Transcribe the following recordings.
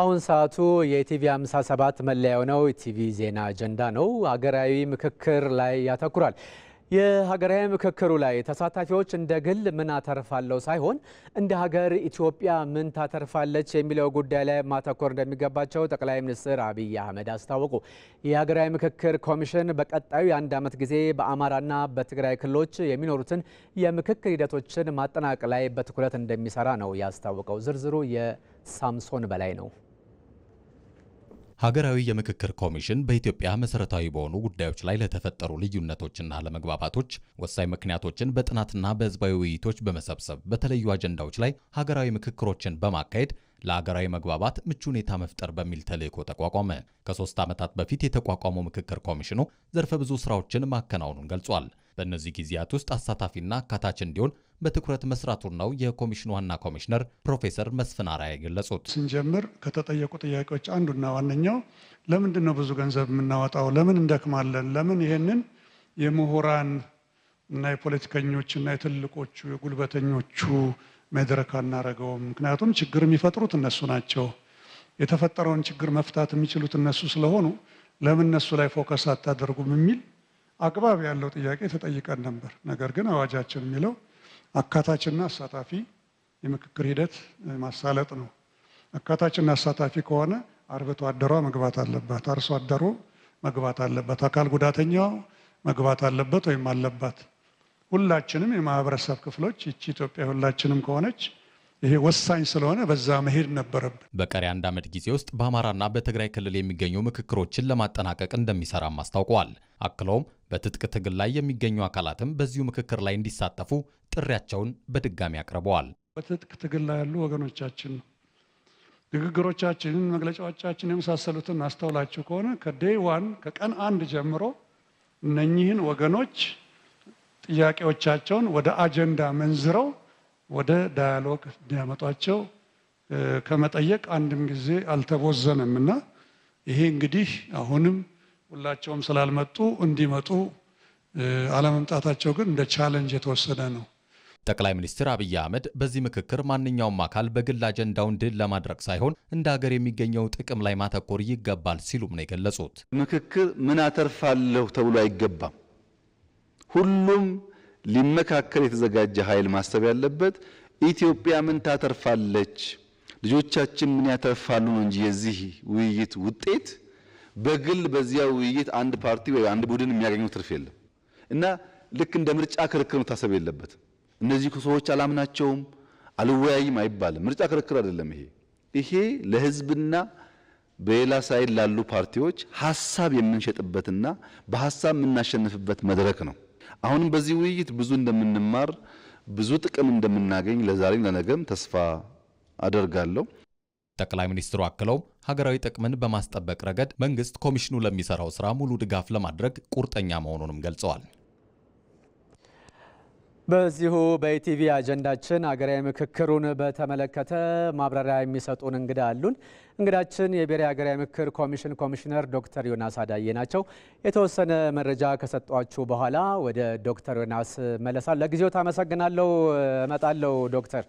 አሁን ሰዓቱ የኢቲቪ 57 መለያ የሆነው ኢቲቪ ዜና አጀንዳ ነው። ሀገራዊ ምክክር ላይ ያተኩራል። የሀገራዊ ምክክሩ ላይ ተሳታፊዎች እንደ ግል ምን አተርፋለሁ ሳይሆን እንደ ሀገር ኢትዮጵያ ምን ታተርፋለች የሚለው ጉዳይ ላይ ማተኮር እንደሚገባቸው ጠቅላይ ሚኒስትር አብይ አህመድ አስታወቁ። የሀገራዊ ምክክር ኮሚሽን በቀጣዩ የአንድ ዓመት ጊዜ በአማራና በትግራይ ክልሎች የሚኖሩትን የምክክር ሂደቶችን ማጠናቅ ላይ በትኩረት እንደሚሰራ ነው ያስታወቀው። ዝርዝሩ የሳምሶን በላይ ነው። ሀገራዊ የምክክር ኮሚሽን በኢትዮጵያ መሰረታዊ በሆኑ ጉዳዮች ላይ ለተፈጠሩ ልዩነቶችና ለመግባባቶች ወሳኝ ምክንያቶችን በጥናትና በህዝባዊ ውይይቶች በመሰብሰብ በተለዩ አጀንዳዎች ላይ ሀገራዊ ምክክሮችን በማካሄድ ለሀገራዊ መግባባት ምቹ ሁኔታ መፍጠር በሚል ተልእኮ ተቋቋመ። ከሶስት ዓመታት በፊት የተቋቋመው ምክክር ኮሚሽኑ ዘርፈ ብዙ ስራዎችን ማከናወኑን ገልጿል። በእነዚህ ጊዜያት ውስጥ አሳታፊና አካታች እንዲሆን በትኩረት መስራቱን ነው የኮሚሽኑ ዋና ኮሚሽነር ፕሮፌሰር መስፍን የገለጹት። ስንጀምር ከተጠየቁ ጥያቄዎች አንዱና ዋነኛው ለምንድን ነው ብዙ ገንዘብ የምናወጣው? ለምን እንደክማለን? ለምን ይሄንን የምሁራን እና የፖለቲከኞች እና የትልቆቹ የጉልበተኞቹ መድረክ አናረገውም? ምክንያቱም ችግር የሚፈጥሩት እነሱ ናቸው። የተፈጠረውን ችግር መፍታት የሚችሉት እነሱ ስለሆኑ ለምን እነሱ ላይ ፎከስ አታደርጉም የሚል አግባብ ያለው ጥያቄ ተጠይቀን ነበር። ነገር ግን አዋጃችን የሚለው አካታችና አሳታፊ የምክክር ሂደት ማሳለጥ ነው። አካታችና አሳታፊ ከሆነ አርብቶ አደሯ መግባት አለባት፣ አርሶ አደሩ መግባት አለበት፣ አካል ጉዳተኛው መግባት አለበት ወይም አለባት። ሁላችንም የማህበረሰብ ክፍሎች ይቺ ኢትዮጵያ ሁላችንም ከሆነች ይሄ ወሳኝ ስለሆነ በዛ መሄድ ነበረብን። በቀሪ አንድ ዓመት ጊዜ ውስጥ በአማራና በትግራይ ክልል የሚገኙ ምክክሮችን ለማጠናቀቅ እንደሚሰራም አስታውቀዋል። አክለውም በትጥቅ ትግል ላይ የሚገኙ አካላትም በዚሁ ምክክር ላይ እንዲሳተፉ ጥሪያቸውን በድጋሚ አቅርበዋል። በትጥቅ ትግል ላይ ያሉ ወገኖቻችን ንግግሮቻችንን፣ መግለጫዎቻችን የመሳሰሉትን አስተውላችሁ ከሆነ ከዴይ ዋን ከቀን አንድ ጀምሮ እነኚህን ወገኖች ጥያቄዎቻቸውን ወደ አጀንዳ መንዝረው ወደ ዳያሎግ እንዲያመጧቸው ከመጠየቅ አንድም ጊዜ አልተቦዘነም እና ይሄ እንግዲህ አሁንም ሁላቸውም ስላልመጡ እንዲመጡ አለመምጣታቸው ግን እንደ ቻለንጅ የተወሰደ ነው። ጠቅላይ ሚኒስትር አብይ አህመድ በዚህ ምክክር ማንኛውም አካል በግል አጀንዳውን ድል ለማድረግ ሳይሆን እንደ ሀገር የሚገኘው ጥቅም ላይ ማተኮር ይገባል ሲሉም ነው የገለጹት። ምክክር ምን አተርፋለሁ ተብሎ አይገባም። ሁሉም ሊመካከል የተዘጋጀ ኃይል ማሰብ ያለበት ኢትዮጵያ ምን ታተርፋለች፣ ልጆቻችን ምን ያተርፋሉ ነው እንጂ የዚህ ውይይት ውጤት በግል በዚያ ውይይት አንድ ፓርቲ ወይ አንድ ቡድን የሚያገኘው ትርፍ የለም እና ልክ እንደ ምርጫ ክርክር መታሰብ የለበትም። እነዚህ ሰዎች አላምናቸውም፣ አልወያይም አይባልም። ምርጫ ክርክር አይደለም ይሄ። ይሄ ለህዝብና በሌላ ሳይድ ላሉ ፓርቲዎች ሀሳብ የምንሸጥበትና በሀሳብ የምናሸንፍበት መድረክ ነው። አሁንም በዚህ ውይይት ብዙ እንደምንማር ብዙ ጥቅም እንደምናገኝ ለዛሬም ለነገም ተስፋ አደርጋለሁ። ጠቅላይ ሚኒስትሩ አክለውም ሀገራዊ ጥቅምን በማስጠበቅ ረገድ መንግስት ኮሚሽኑ ለሚሰራው ስራ ሙሉ ድጋፍ ለማድረግ ቁርጠኛ መሆኑንም ገልጸዋል። በዚሁ በኢቲቪ አጀንዳችን ሀገራዊ ምክክሩን በተመለከተ ማብራሪያ የሚሰጡን እንግዳ አሉን። እንግዳችን የብሔራዊ ሀገራዊ ምክክር ኮሚሽን ኮሚሽነር ዶክተር ዮናስ አዳዬ ናቸው። የተወሰነ መረጃ ከሰጧችሁ በኋላ ወደ ዶክተር ዮናስ መለሳል። ለጊዜው ታመሰግናለሁ። እመጣለሁ ዶክተር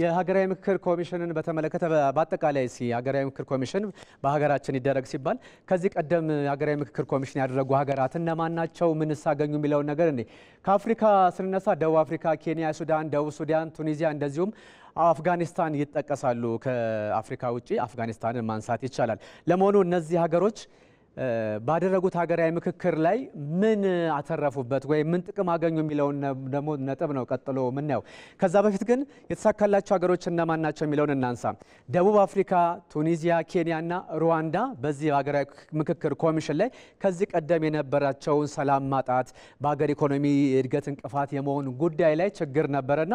የሀገራዊ ምክክር ኮሚሽንን በተመለከተ በአጠቃላይ ሲ ሀገራዊ ምክክር ኮሚሽን በሀገራችን ይደረግ ሲባል ከዚህ ቀደም ሀገራዊ ምክክር ኮሚሽን ያደረጉ ሀገራት እነማን ናቸው? ምን ሳገኙ የሚለውን ነገር እንዴ ከአፍሪካ ስንነሳ ደቡብ አፍሪካ፣ ኬንያ፣ ሱዳን፣ ደቡብ ሱዳን፣ ቱኒዚያ እንደዚሁም አፍጋኒስታን ይጠቀሳሉ። ከአፍሪካ ውጭ አፍጋኒስታንን ማንሳት ይቻላል። ለመሆኑ እነዚህ ሀገሮች ባደረጉት ሀገራዊ ምክክር ላይ ምን አተረፉበት ወይም ምን ጥቅም አገኙ የሚለውን ደግሞ ነጥብ ነው ቀጥሎ የምናየው። ከዛ በፊት ግን የተሳካላቸው ሀገሮች እነማን ናቸው የሚለውን እናንሳ። ደቡብ አፍሪካ፣ ቱኒዚያ፣ ኬንያና ሩዋንዳ በዚህ ሀገራዊ ምክክር ኮሚሽን ላይ ከዚህ ቀደም የነበራቸውን ሰላም ማጣት፣ በሀገር ኢኮኖሚ እድገት እንቅፋት የመሆን ጉዳይ ላይ ችግር ነበረና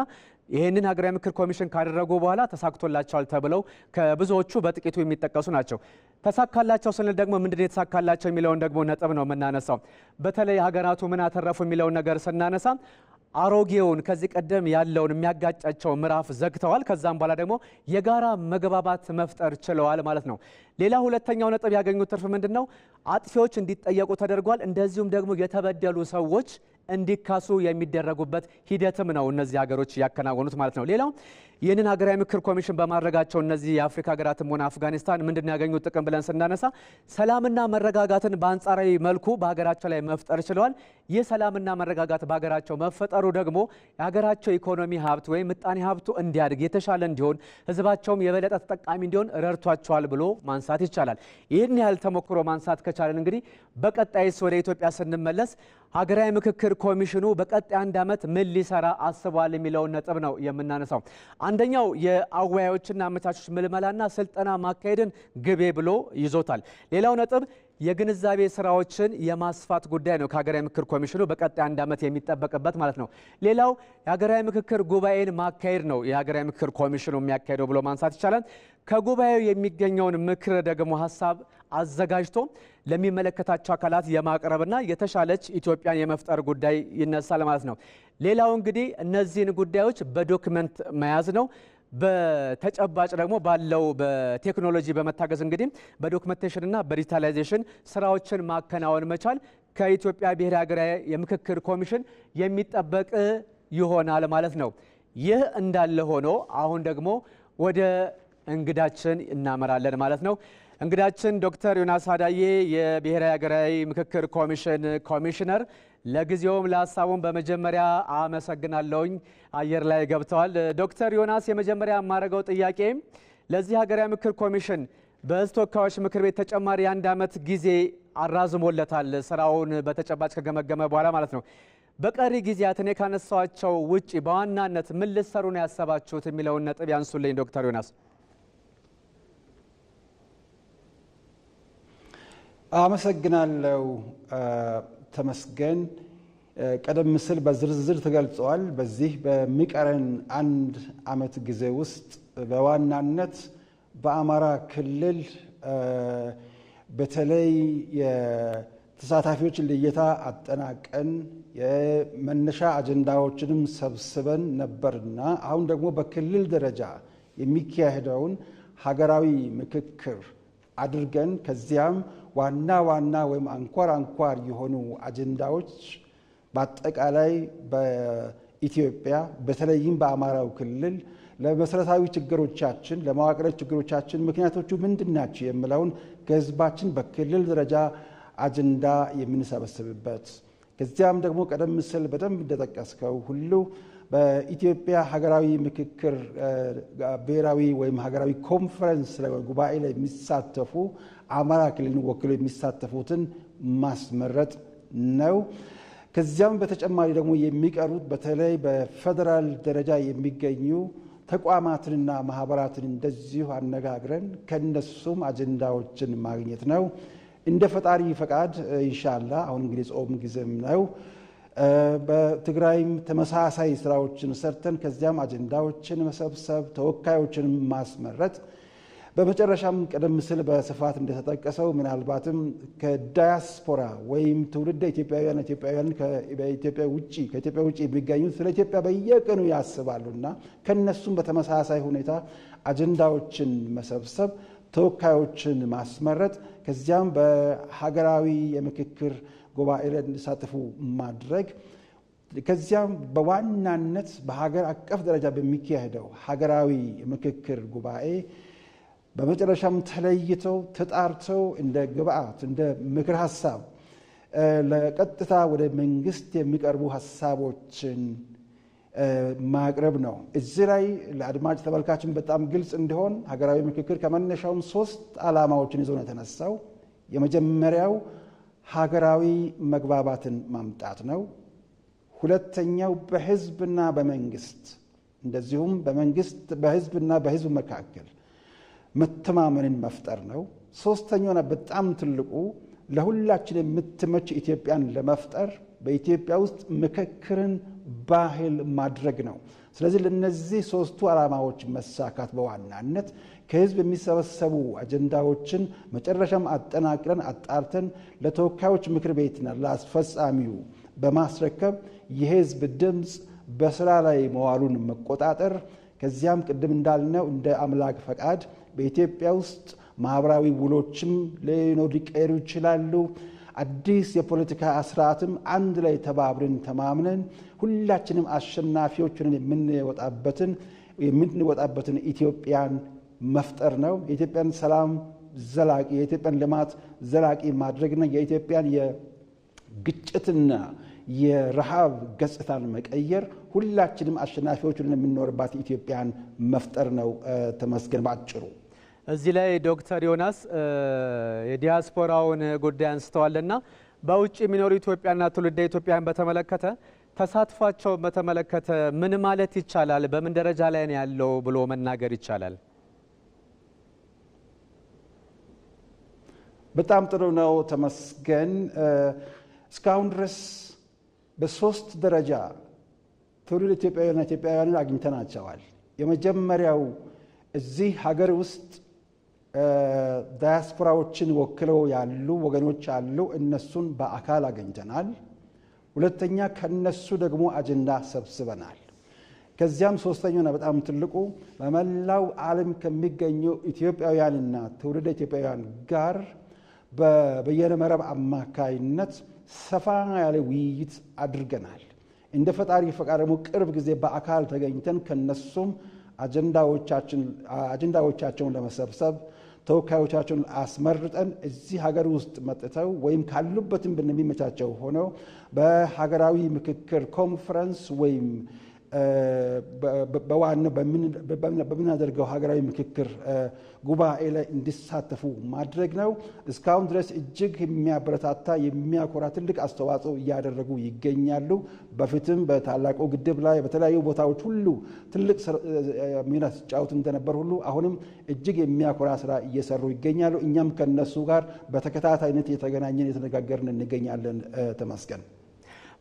ይህንን ሀገራዊ ምክር ኮሚሽን ካደረጉ በኋላ ተሳክቶላቸዋል ተብለው ከብዙዎቹ በጥቂቱ የሚጠቀሱ ናቸው። ተሳካላቸው ስንል ደግሞ ምንድን የተሳካላቸው የሚለውን ደግሞ ነጥብ ነው የምናነሳው። በተለይ ሀገራቱ ምን አተረፉ የሚለውን ነገር ስናነሳ አሮጌውን ከዚህ ቀደም ያለውን የሚያጋጫቸው ምዕራፍ ዘግተዋል። ከዛም በኋላ ደግሞ የጋራ መግባባት መፍጠር ችለዋል ማለት ነው። ሌላ ሁለተኛው ነጥብ ያገኙት ትርፍ ምንድን ነው? አጥፊዎች እንዲጠየቁ ተደርጓል። እንደዚሁም ደግሞ የተበደሉ ሰዎች እንዲካሱ የሚደረጉበት ሂደትም ነው እነዚህ ሀገሮች ያከናወኑት ማለት ነው። ሌላው ይህንን ሀገራዊ ምክር ኮሚሽን በማድረጋቸው እነዚህ የአፍሪካ ሀገራትም ሆነ አፍጋኒስታን ምንድን ያገኙት ጥቅም ብለን ስናነሳ ሰላምና መረጋጋትን በአንጻራዊ መልኩ በሀገራቸው ላይ መፍጠር ችለዋል። የሰላምና መረጋጋት በሀገራቸው መፈጠሩ ደግሞ የሀገራቸው ኢኮኖሚ ሀብት ወይም ምጣኔ ሀብቱ እንዲያድግ የተሻለ እንዲሆን ህዝባቸውም የበለጠ ተጠቃሚ እንዲሆን ረድቷቸዋል ብሎ ማንሳት ይቻላል። ይህን ያህል ተሞክሮ ማንሳት ከቻለን እንግዲህ በቀጣይስ ወደ ኢትዮጵያ ስንመለስ ሀገራዊ ምክክር ኮሚሽኑ በቀጣይ አንድ ዓመት ምን ሊሰራ አስቧል የሚለውን ነጥብ ነው የምናነሳው። አንደኛው የአወያዮችና አመቻቾች ምልመላና ስልጠና ማካሄድን ግቤ ብሎ ይዞታል። ሌላው ነጥብ የግንዛቤ ስራዎችን የማስፋት ጉዳይ ነው ከሀገራዊ ምክክር ኮሚሽኑ በቀጣይ አንድ ዓመት የሚጠበቅበት ማለት ነው። ሌላው የሀገራዊ ምክክር ጉባኤን ማካሄድ ነው የሀገራዊ ምክክር ኮሚሽኑ የሚያካሄደው ብሎ ማንሳት ይቻላል። ከጉባኤው የሚገኘውን ምክር ደግሞ ሀሳብ አዘጋጅቶ ለሚመለከታቸው አካላት የማቅረብና የተሻለች ኢትዮጵያን የመፍጠር ጉዳይ ይነሳል ማለት ነው። ሌላው እንግዲህ እነዚህን ጉዳዮች በዶክመንት መያዝ ነው። በተጨባጭ ደግሞ ባለው በቴክኖሎጂ በመታገዝ እንግዲህ በዶክመንቴሽን በዲጂታላይዜሽን ስራዎችን ማከናወን መቻል ከኢትዮጵያ ብሔራዊ ሀገራዊ የምክክር ኮሚሽን የሚጠበቅ ይሆናል ማለት ነው። ይህ እንዳለ ሆኖ አሁን ደግሞ ወደ እንግዳችን እናመራለን ማለት ነው። እንግዳችን ዶክተር ዮናስ አዳዬ የብሔራዊ ሀገራዊ ምክክር ኮሚሽን ኮሚሽነር ለጊዜውም ለሀሳቡን በመጀመሪያ አመሰግናለሁኝ። አየር ላይ ገብተዋል ዶክተር ዮናስ። የመጀመሪያ የማደርገው ጥያቄ ለዚህ ሀገራዊ ምክር ኮሚሽን በሕዝብ ተወካዮች ምክር ቤት ተጨማሪ የአንድ ዓመት ጊዜ አራዝሞለታል። ስራውን በተጨባጭ ከገመገመ በኋላ ማለት ነው። በቀሪ ጊዜያት እኔ ካነሳቸው ውጭ በዋናነት ምን ልትሰሩ ነው ያሰባችሁት የሚለውን ነጥብ ያንሱልኝ ዶክተር ዮናስ። አመሰግናለሁ ተመስገን ቀደም ሲል በዝርዝር ተገልጸዋል። በዚህ በሚቀረን አንድ ዓመት ጊዜ ውስጥ በዋናነት በአማራ ክልል በተለይ የተሳታፊዎች ልየታ አጠናቀን የመነሻ አጀንዳዎችንም ሰብስበን ነበርና አሁን ደግሞ በክልል ደረጃ የሚካሄደውን ሀገራዊ ምክክር አድርገን ከዚያም ዋና ዋና ወይም አንኳር አንኳር የሆኑ አጀንዳዎች በአጠቃላይ በኢትዮጵያ በተለይም በአማራው ክልል ለመሰረታዊ ችግሮቻችን ለመዋቅራዊ ችግሮቻችን ምክንያቶቹ ምንድን ናቸው የሚለውን ከህዝባችን በክልል ደረጃ አጀንዳ የምንሰበስብበት ከዚያም ደግሞ ቀደም ሲል በደንብ እንደጠቀስከው ሁሉ በኢትዮጵያ ሀገራዊ ምክክር ብሔራዊ ወይም ሀገራዊ ኮንፈረንስ ጉባኤ ላይ የሚሳተፉ አማራ ክልልን ወክሎ የሚሳተፉትን ማስመረጥ ነው። ከዚያም በተጨማሪ ደግሞ የሚቀሩት በተለይ በፌዴራል ደረጃ የሚገኙ ተቋማትንና ማህበራትን እንደዚሁ አነጋግረን ከነሱም አጀንዳዎችን ማግኘት ነው። እንደ ፈጣሪ ፈቃድ ኢንሻላ አሁን እንግዲህ ጾም ጊዜም ነው። በትግራይም ተመሳሳይ ስራዎችን ሰርተን ከዚያም አጀንዳዎችን መሰብሰብ፣ ተወካዮችን ማስመረጥ በመጨረሻም ቀደም ሲል በስፋት እንደተጠቀሰው ምናልባትም ከዳያስፖራ ወይም ትውልደ ኢትዮጵያውያን ኢትዮጵያውያን ከኢትዮጵያ ውጭ ከኢትዮጵያ ውጭ የሚገኙት ስለ ኢትዮጵያ በየቀኑ ያስባሉና ከነሱም በተመሳሳይ ሁኔታ አጀንዳዎችን መሰብሰብ፣ ተወካዮችን ማስመረጥ ከዚያም በሀገራዊ የምክክር ጉባኤ ላይ እንዲሳተፉ ማድረግ ከዚያም በዋናነት በሀገር አቀፍ ደረጃ በሚካሄደው ሀገራዊ ምክክር ጉባኤ በመጨረሻም ተለይተው ተጣርተው እንደ ግብአት እንደ ምክር ሀሳብ ለቀጥታ ወደ መንግስት የሚቀርቡ ሀሳቦችን ማቅረብ ነው። እዚህ ላይ ለአድማጭ ተመልካችን በጣም ግልጽ እንዲሆን ሀገራዊ ምክክር ከመነሻውም ሶስት ዓላማዎችን ይዞ ነው የተነሳው። የመጀመሪያው ሀገራዊ መግባባትን ማምጣት ነው። ሁለተኛው በህዝብና በመንግስት እንደዚሁም በመንግስት በህዝብና በህዝብ መካከል መተማመንን መፍጠር ነው። ሶስተኛውና በጣም ትልቁ ለሁላችን የምትመች ኢትዮጵያን ለመፍጠር በኢትዮጵያ ውስጥ ምክክርን ባህል ማድረግ ነው። ስለዚህ ለእነዚህ ሶስቱ ዓላማዎች መሳካት በዋናነት ከህዝብ የሚሰበሰቡ አጀንዳዎችን መጨረሻም አጠናቅረን አጣርተን ለተወካዮች ምክር ቤትና ለአስፈጻሚው በማስረከብ የህዝብ ድምፅ በስራ ላይ መዋሉን መቆጣጠር ከዚያም ቅድም እንዳልነው እንደ አምላክ ፈቃድ በኢትዮጵያ ውስጥ ማህበራዊ ውሎችም ሊኖሩ ይችላሉ። አዲስ የፖለቲካ ስርዓትም አንድ ላይ ተባብረን ተማምነን ሁላችንም አሸናፊዎችንን የምንወጣበትን የምንወጣበትን ኢትዮጵያን መፍጠር ነው። የኢትዮጵያን ሰላም ዘላቂ የኢትዮጵያን ልማት ዘላቂ ማድረግና የኢትዮጵያን የግጭትና የረሃብ ገጽታን መቀየር ሁላችንም አሸናፊዎችን የምንኖርባት ኢትዮጵያን መፍጠር ነው። ተመስገን ባጭሩ እዚህ ላይ ዶክተር ዮናስ የዲያስፖራውን ጉዳይ አንስተዋልና በውጭ የሚኖሩ ኢትዮጵያና ትውልደ ኢትዮጵያን በተመለከተ ተሳትፏቸውን በተመለከተ ምን ማለት ይቻላል? በምን ደረጃ ላይ ነው ያለው ብሎ መናገር ይቻላል? በጣም ጥሩ ነው ተመስገን። እስካሁን ድረስ በሶስት ደረጃ ትውልድ ኢትዮጵያውያንና ኢትዮጵያውያንን አግኝተናቸዋል። የመጀመሪያው እዚህ ሀገር ውስጥ ዳያስፖራዎችን ወክለው ያሉ ወገኖች አሉ። እነሱን በአካል አገኝተናል። ሁለተኛ ከነሱ ደግሞ አጀንዳ ሰብስበናል። ከዚያም ሶስተኛውና በጣም ትልቁ በመላው ዓለም ከሚገኙ ኢትዮጵያውያንና ትውልደ ኢትዮጵያውያን ጋር በበየነ መረብ አማካይነት ሰፋ ያለ ውይይት አድርገናል። እንደ ፈጣሪ ፈቃድ ደግሞ ቅርብ ጊዜ በአካል ተገኝተን ከነሱም አጀንዳዎቻቸውን ለመሰብሰብ ተወካዮቻቸውን አስመርጠን እዚህ ሀገር ውስጥ መጥተው ወይም ካሉበትም ብንሚመቻቸው ሆነው በሀገራዊ ምክክር ኮንፈረንስ ወይም በዋና በምናደርገው ሀገራዊ ምክክር ጉባኤ ላይ እንዲሳተፉ ማድረግ ነው። እስካሁን ድረስ እጅግ የሚያበረታታ የሚያኮራ ትልቅ አስተዋጽኦ እያደረጉ ይገኛሉ። በፊትም በታላቁ ግድብ ላይ በተለያዩ ቦታዎች ሁሉ ትልቅ ሚና ሲጫወቱ እንደነበር ሁሉ አሁንም እጅግ የሚያኮራ ስራ እየሰሩ ይገኛሉ። እኛም ከነሱ ጋር በተከታታይነት የተገናኘን የተነጋገርን እንገኛለን። ተመስገን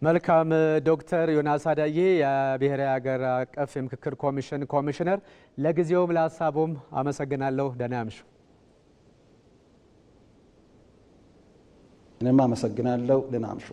መልካም ዶክተር ዮናስ አዳዬ የብሔራዊ ሀገር አቀፍ የምክክር ኮሚሽን ኮሚሽነር፣ ለጊዜውም ለሀሳቡም አመሰግናለሁ። ደህና ያምሹ። እኔም አመሰግናለሁ። ደህና ያምሹ።